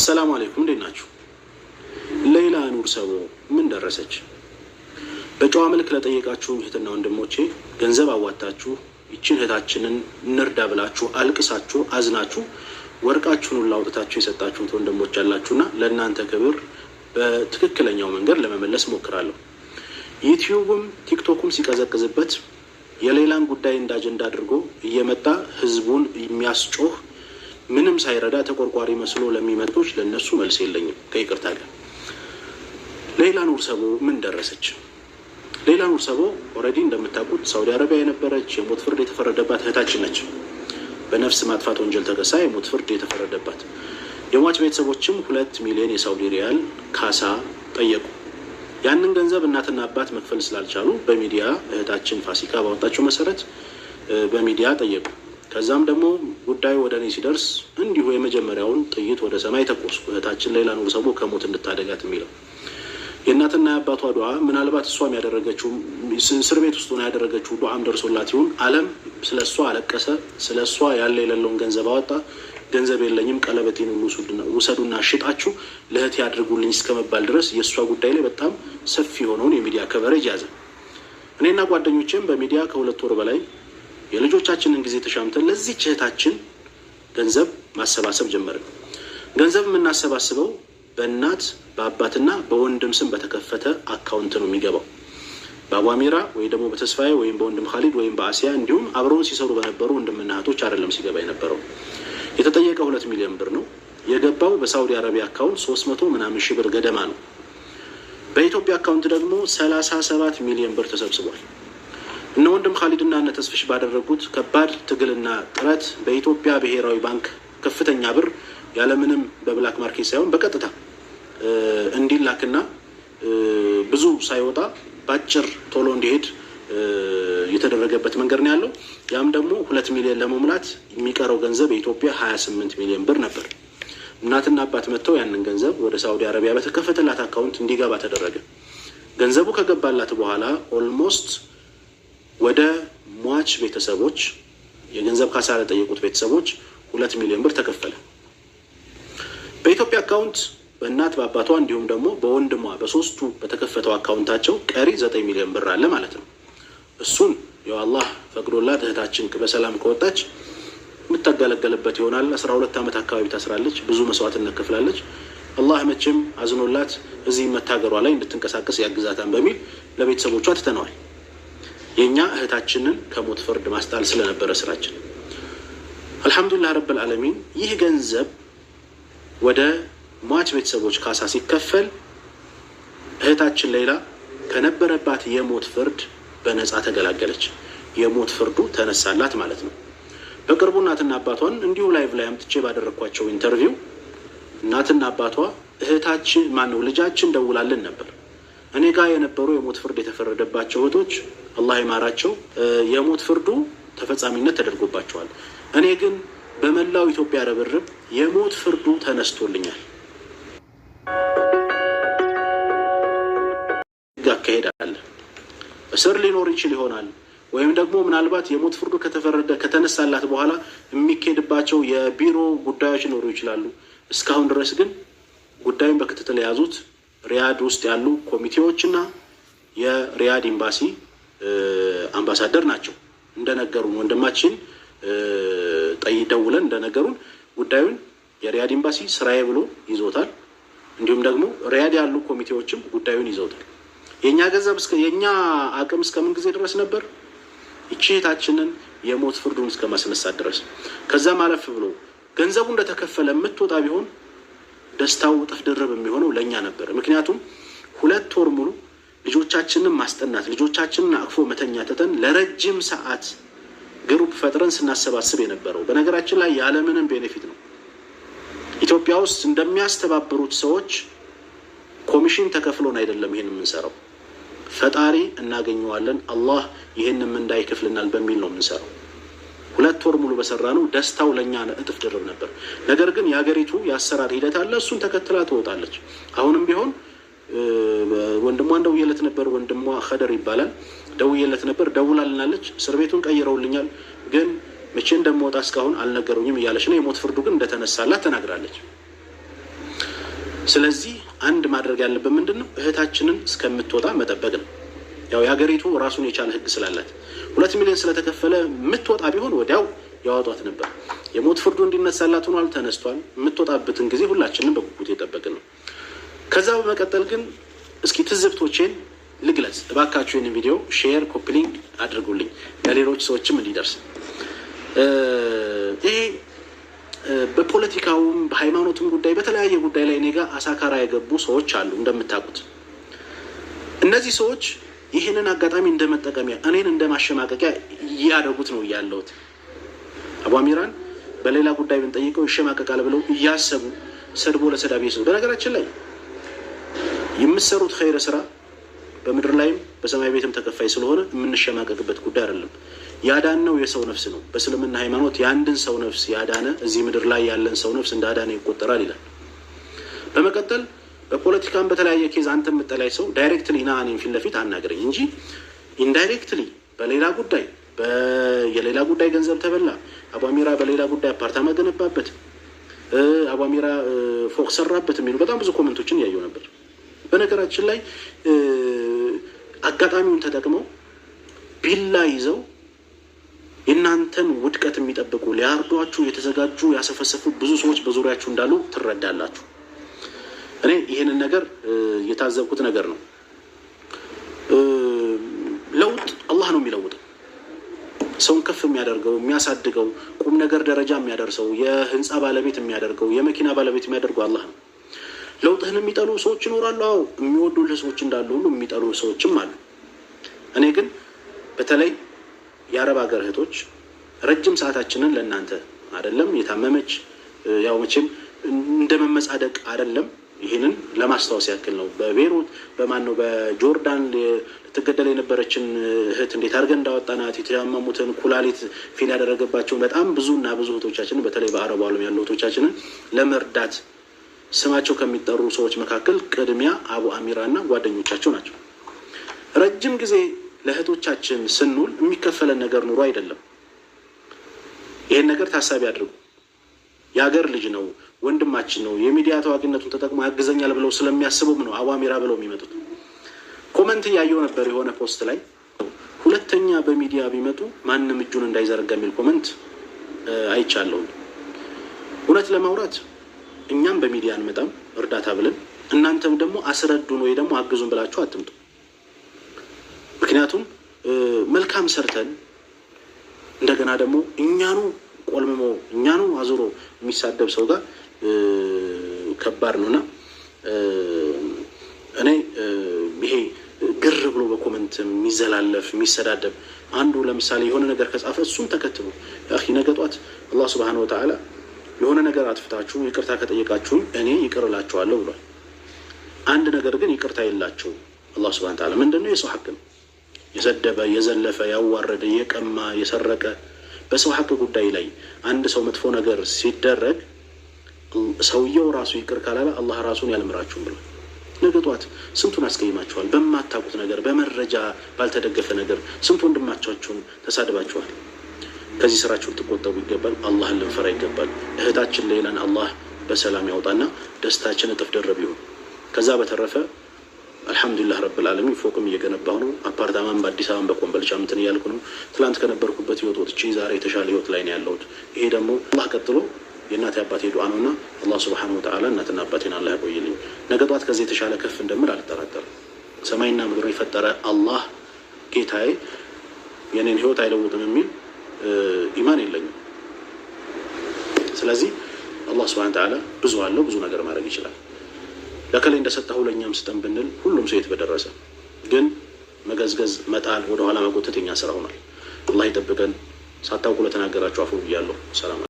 አሰላሙ አለይኩም እንዴት ናችሁ? ሌላ ኑር ሰቦ ምን ደረሰች? በጨዋ መልክ ለጠየቃችሁ እህትና ወንድሞቼ ገንዘብ አዋታችሁ ይችን እህታችንን እንርዳ ብላችሁ አልቅሳችሁ አዝናችሁ ወርቃችሁን ሁላ አውጥታችሁ የሰጣችሁት ወንድሞች ያላችሁና ለእናንተ ክብር በትክክለኛው መንገድ ለመመለስ ሞክራለሁ። ዩትዩብም ቲክቶኩም ሲቀዘቅዝበት የሌላን ጉዳይ እንደ አጀንዳ አድርጎ እየመጣ ህዝቡን የሚያስጮህ ምንም ሳይረዳ ተቆርቋሪ መስሎ ለሚመጡች ለእነሱ መልስ የለኝም ከይቅርታ ጋር። ሌላ ኑር ሰቦ ምን ደረሰች? ሌላ ኑር ሰቦ ኦልሬዲ እንደምታውቁት ሳውዲ አረቢያ የነበረች የሞት ፍርድ የተፈረደባት እህታችን ነች። በነፍስ ማጥፋት ወንጀል ተከሳ የሞት ፍርድ የተፈረደባት የሟች ቤተሰቦችም ሁለት ሚሊዮን የሳውዲ ሪያል ካሳ ጠየቁ። ያንን ገንዘብ እናትና አባት መክፈል ስላልቻሉ በሚዲያ እህታችን ፋሲካ ባወጣቸው መሰረት በሚዲያ ጠየቁ። ከዛም ደግሞ ጉዳዩ ወደ እኔ ሲደርስ እንዲሁ የመጀመሪያውን ጥይት ወደ ሰማይ ተኮስኩ። እህታችን ሌይላን ሰሞ ከሞት እንድታደጋት የሚለው የእናትና የአባቷ ዱዓ ምናልባት እሷም ያደረገችው እስር ቤት ውስጥ ሆና ያደረገችው ዱዓም ደርሶላት ይሁን። አለም ስለ እሷ አለቀሰ። ስለ እሷ ያለ የሌለውን ገንዘብ አወጣ። ገንዘብ የለኝም ቀለበቴን ውሰዱና ሽጣችሁ ለእህቴ ያድርጉልኝ እስከመባል ድረስ የእሷ ጉዳይ ላይ በጣም ሰፊ የሆነውን የሚዲያ ከበረጅ ያዘ። እኔና ጓደኞቼም በሚዲያ ከሁለት ወር በላይ የልጆቻችንን ጊዜ ተሻምተን ለዚህ እህታችን ገንዘብ ማሰባሰብ ጀመርን። ገንዘብ የምናሰባስበው በእናት በአባትና በወንድም ስም በተከፈተ አካውንት ነው የሚገባው። በአቧሚራ ወይ ደግሞ በተስፋዬ ወይም በወንድም ካሊድ ወይም በአሲያ እንዲሁም አብረውን ሲሰሩ በነበሩ ወንድምና እህቶች አይደለም ሲገባ የነበረው። የተጠየቀ ሁለት ሚሊዮን ብር ነው የገባው በሳውዲ አረቢያ አካውንት ሶስት መቶ ምናምን ሺህ ብር ገደማ ነው። በኢትዮጵያ አካውንት ደግሞ ሰላሳ ሰባት ሚሊዮን ብር ተሰብስቧል። እነ ወንድም ካሊድና እነ ተስፍሽ ባደረጉት ከባድ ትግልና ጥረት በኢትዮጵያ ብሔራዊ ባንክ ከፍተኛ ብር ያለምንም በብላክ ማርኬት ሳይሆን በቀጥታ እንዲላክና ብዙ ሳይወጣ በአጭር ቶሎ እንዲሄድ የተደረገበት መንገድ ነው ያለው። ያም ደግሞ ሁለት ሚሊዮን ለመሙላት የሚቀረው ገንዘብ የኢትዮጵያ ሀያ ስምንት ሚሊዮን ብር ነበር። እናትና አባት መጥተው ያንን ገንዘብ ወደ ሳውዲ አረቢያ በተከፈተላት አካውንት እንዲገባ ተደረገ። ገንዘቡ ከገባላት በኋላ ኦልሞስት ወደ ሟች ቤተሰቦች የገንዘብ ካሳ ለጠየቁት ቤተሰቦች ሁለት ሚሊዮን ብር ተከፈለ። በኢትዮጵያ አካውንት በእናት በአባቷ እንዲሁም ደግሞ በወንድሟ በሶስቱ በተከፈተው አካውንታቸው ቀሪ ዘጠኝ ሚሊዮን ብር አለ ማለት ነው። እሱን የአላህ ፈቅዶላት እህታችን በሰላም ከወጣች የምታገለገልበት ይሆናል። አስራ ሁለት ዓመት አካባቢ ታስራለች። ብዙ መስዋዕትነት ከፍላለች። አላህ መቼም አዝኖላት እዚህ መታገሯ ላይ እንድትንቀሳቀስ ያግዛታን በሚል ለቤተሰቦቿ ትተነዋል። የእኛ እህታችንን ከሞት ፍርድ ማስጣል ስለነበረ ስራችን አልሐምዱሊላህ ረብል ዓለሚን ይህ ገንዘብ ወደ ሟች ቤተሰቦች ካሳ ሲከፈል እህታችን ሌላ ከነበረባት የሞት ፍርድ በነፃ ተገላገለች። የሞት ፍርዱ ተነሳላት ማለት ነው። በቅርቡ እናትና አባቷን እንዲሁ ላይቭ ላይ አምጥቼ ባደረግኳቸው ኢንተርቪው እናትና አባቷ እህታችን ማነው ልጃችን ደውላልን ነበር። እኔ ጋር የነበሩ የሞት ፍርድ የተፈረደባቸው እህቶች አላህ ይማራቸው። የሞት ፍርዱ ተፈጻሚነት ተደርጎባቸዋል። እኔ ግን በመላው ኢትዮጵያ ርብርብ የሞት ፍርዱ ተነስቶልኛል። ሕግ እስር ሊኖር ይችል ይሆናል ወይም ደግሞ ምናልባት የሞት ፍርዱ ከተፈረደ ከተነሳላት በኋላ የሚካሄድባቸው የቢሮ ጉዳዮች ሊኖሩ ይችላሉ። እስካሁን ድረስ ግን ጉዳዩን በክትትል የያዙት ሪያድ ውስጥ ያሉ ኮሚቴዎችና የሪያድ ኤምባሲ አምባሳደር ናቸው። እንደነገሩን ወንድማችን ጠይ ደውለን እንደነገሩን ጉዳዩን የሪያድ ኤምባሲ ስራዬ ብሎ ይዞታል። እንዲሁም ደግሞ ሪያድ ያሉ ኮሚቴዎችም ጉዳዩን ይዘውታል። የእኛ ገንዘብ የእኛ አቅም እስከምን ጊዜ ድረስ ነበር? ይችታችንን የሞት ፍርዱን እስከ ማስነሳት ድረስ። ከዛ ማለፍ ብሎ ገንዘቡ እንደተከፈለ የምትወጣ ቢሆን ደስታው እጥፍ ድርብ የሚሆነው ለእኛ ነበር። ምክንያቱም ሁለት ወር ሙሉ ልጆቻችንን ማስጠናት፣ ልጆቻችንን አቅፎ መተኛተተን ለረጅም ሰዓት ግሩፕ ፈጥረን ስናሰባስብ የነበረው በነገራችን ላይ ያለምንም ቤኔፊት ነው። ኢትዮጵያ ውስጥ እንደሚያስተባብሩት ሰዎች ኮሚሽን ተከፍሎን አይደለም ይህን የምንሰራው፣ ፈጣሪ እናገኘዋለን፣ አላህ ይህንም እንዳይክፍልናል በሚል ነው የምንሰራው። ሁለት ወር ሙሉ በሰራ ነው ደስታው ለእኛ እጥፍ ድርብ ነበር። ነገር ግን የሀገሪቱ የአሰራር ሂደት አለ፣ እሱን ተከትላ ትወጣለች። አሁንም ቢሆን ወንድሟን ደውዬለት ነበር። ወንድሟ ከደር ይባላል። ደውዬለት ነበር። ደውላልናለች። እስር ቤቱን ቀይረውልኛል፣ ግን መቼ እንደምወጣ እስካሁን አልነገሩኝም እያለች ነው። የሞት ፍርዱ ግን እንደተነሳላት ተናግራለች። ስለዚህ አንድ ማድረግ ያለብን ምንድን ነው? እህታችንን እስከምትወጣ መጠበቅ ነው። ያው የሀገሪቱ ራሱን የቻለ ህግ ስላላት ሁለት ሚሊዮን ስለተከፈለ የምትወጣ ቢሆን ወዲያው ያወጧት ነበር። የሞት ፍርዱ እንዲነሳላት ሆኗል፣ ተነስቷል። የምትወጣበትን ጊዜ ሁላችንም በጉጉት የጠበቅን ነው። ከዛ በመቀጠል ግን እስኪ ትዝብቶቼን ልግለጽ እባካችሁ። ይህን ቪዲዮ ሼር ኮፕሊንግ አድርጉልኝ ለሌሎች ሰዎችም እንዲደርስ። ይሄ በፖለቲካውም በሃይማኖትም ጉዳይ በተለያየ ጉዳይ ላይ ኔጋ አሳካራ የገቡ ሰዎች አሉ እንደምታውቁት። እነዚህ ሰዎች ይህንን አጋጣሚ እንደ መጠቀሚያ እኔን እንደ ማሸማቀቂያ እያደረጉት ነው እያለሁት አቡ አሚራን በሌላ ጉዳይ ብንጠይቀው ይሸማቀቃል ብለው እያሰቡ ሰድቦ ለሰዳቤ ሰው በነገራችን ላይ የምትሰሩት ኸይረ ስራ በምድር ላይም በሰማይ ቤትም ተከፋይ ስለሆነ የምንሸማቀቅበት ጉዳይ አይደለም። ያዳነው የሰው ነፍስ ነው። በእስልምና ሃይማኖት የአንድን ሰው ነፍስ ያዳነ እዚህ ምድር ላይ ያለን ሰው ነፍስ እንደ አዳነ ይቆጠራል ይላል። በመቀጠል በፖለቲካም በተለያየ ኬዝ አንተ የምጠላይ ሰው ዳይሬክትሊ ና እኔን ፊት ለፊት አናግረኝ እንጂ ኢንዳይሬክትሊ በሌላ ጉዳይ የሌላ ጉዳይ ገንዘብ ተበላ፣ አቧሚራ በሌላ ጉዳይ አፓርታማ ገነባበት፣ አቧሚራ ፎቅ ሰራበት የሚሉ በጣም ብዙ ኮመንቶችን ያየው ነበር። በነገራችን ላይ አጋጣሚውን ተጠቅመው ቢላ ይዘው የእናንተን ውድቀት የሚጠብቁ ሊያርዷችሁ የተዘጋጁ ያሰፈሰፉ ብዙ ሰዎች በዙሪያችሁ እንዳሉ ትረዳላችሁ። እኔ ይህንን ነገር የታዘብኩት ነገር ነው። ለውጥ አላህ ነው የሚለውጠው። ሰውን ከፍ የሚያደርገው የሚያሳድገው፣ ቁም ነገር ደረጃ የሚያደርሰው፣ የህንፃ ባለቤት የሚያደርገው፣ የመኪና ባለቤት የሚያደርገው አላህ ነው። ለውጥህን የሚጠሉ ሰዎች ይኖራሉ። አዎ የሚወዱ ሰዎች እንዳሉ ሁሉ የሚጠሉ ሰዎችም አሉ። እኔ ግን በተለይ የአረብ ሀገር እህቶች ረጅም ሰዓታችንን ለእናንተ አይደለም የታመመች ያው መቼም እንደ መመጻደቅ አይደለም። ይህንን ለማስታወስ ያክል ነው። በቤሩት በማን ነው በጆርዳን ልትገደል የነበረችን እህት እንዴት አድርገን እንዳወጣናት የተያመሙትን ኩላሊት ፊል ያደረገባቸውን በጣም ብዙ እና ብዙ እህቶቻችንን በተለይ በአረቡ ዓለም ያሉ እህቶቻችንን ለመርዳት ስማቸው ከሚጠሩ ሰዎች መካከል ቅድሚያ አቡ አሚራ እና ጓደኞቻቸው ናቸው። ረጅም ጊዜ ለእህቶቻችን ስንውል የሚከፈለን ነገር ኑሮ አይደለም። ይህን ነገር ታሳቢ አድርጉ። የሀገር ልጅ ነው፣ ወንድማችን ነው፣ የሚዲያ ታዋቂነቱን ተጠቅሞ ያግዘኛል ብለው ስለሚያስቡም ነው አቡ አሚራ ብለው የሚመጡት። ኮመንት እያየው ነበር የሆነ ፖስት ላይ ሁለተኛ በሚዲያ ቢመጡ ማንም እጁን እንዳይዘረጋ የሚል ኮመንት አይቻለሁ። እውነት ለማውራት እኛም በሚዲያ አንመጣም እርዳታ ብለን፣ እናንተም ደግሞ አስረዱን ወይ ደግሞ አግዙን ብላችሁ አትምጡ። ምክንያቱም መልካም ሰርተን እንደገና ደግሞ እኛኑ ቆልምሞ እኛኑ አዙሮ የሚሳደብ ሰው ጋር ከባድ ነው እና እኔ ይሄ ግር ብሎ በኮመንት የሚዘላለፍ የሚሰዳደብ አንዱ ለምሳሌ የሆነ ነገር ከጻፈ እሱም ተከትሎ ነገጧት ጧት አላህ ስብሃነ ወተዓላ የሆነ ነገር አጥፍታችሁ ይቅርታ ከጠየቃችሁኝ እኔ ይቅር እላችኋለሁ ብሏል። አንድ ነገር ግን ይቅርታ የላችሁ አላህ ስብሐነ ተዓላ ምንድን ነው? የሰው ሀቅ ነው። የሰደበ፣ የዘለፈ፣ ያዋረደ፣ የቀማ፣ የሰረቀ በሰው ሀቅ ጉዳይ ላይ አንድ ሰው መጥፎ ነገር ሲደረግ ሰውየው ራሱ ይቅር ካላለ አላህ ራሱን ያልምራችሁም ብሏል። ነገ ጠዋት ስንቱን አስቀይማችኋል፣ በማታውቁት ነገር፣ በመረጃ ባልተደገፈ ነገር ስንቱ ወንድማቻችሁን ተሳድባችኋል። ከዚህ ስራችሁ ልትቆጠቡ ይገባል። አላህን ልንፈራ ይገባል። እህታችን ሌላን አላህ በሰላም ያውጣና ደስታችን እጥፍ ደረብ ይሁን። ከዛ በተረፈ አልሐምዱሊላህ ረብል ዓለሚን ፎቅም እየገነባሁ ነው። አፓርታማም በአዲስ አበባን በኮምበልቻ ምትን እያልኩ ነው። ትላንት ከነበርኩበት ህይወት ወጥቼ ዛሬ የተሻለ ህይወት ላይ ነው ያለሁት። ይሄ ደግሞ አላህ ቀጥሎ የእናቴ አባቴ ነው ነውና አላህ ሱብሓነሁ ወተዓላ እናትና አባቴን አላህ ያቆይልኝ። ነገ ጧት ከዚህ የተሻለ ከፍ እንደምል አልጠራጠርም። ሰማይና ምድር የፈጠረ አላህ ጌታዬ የኔን ህይወት አይለውጥም የሚል ኢማን የለኝም። ስለዚህ አላህ ስብሐነ ተዓላ ብዙ አለው፣ ብዙ ነገር ማድረግ ይችላል። ለከላይ እንደሰጠኸው ለእኛም ስጠን ብንል ሁሉም ሰው የት በደረሰ። ግን መገዝገዝ፣ መጣል፣ ወደኋላ መጎተት የኛ ስራ ሆኗል። አላህ ይጠብቀን። ሳታውቁ ለተናገራችሁ አፉ ብያለሁ። ሰላም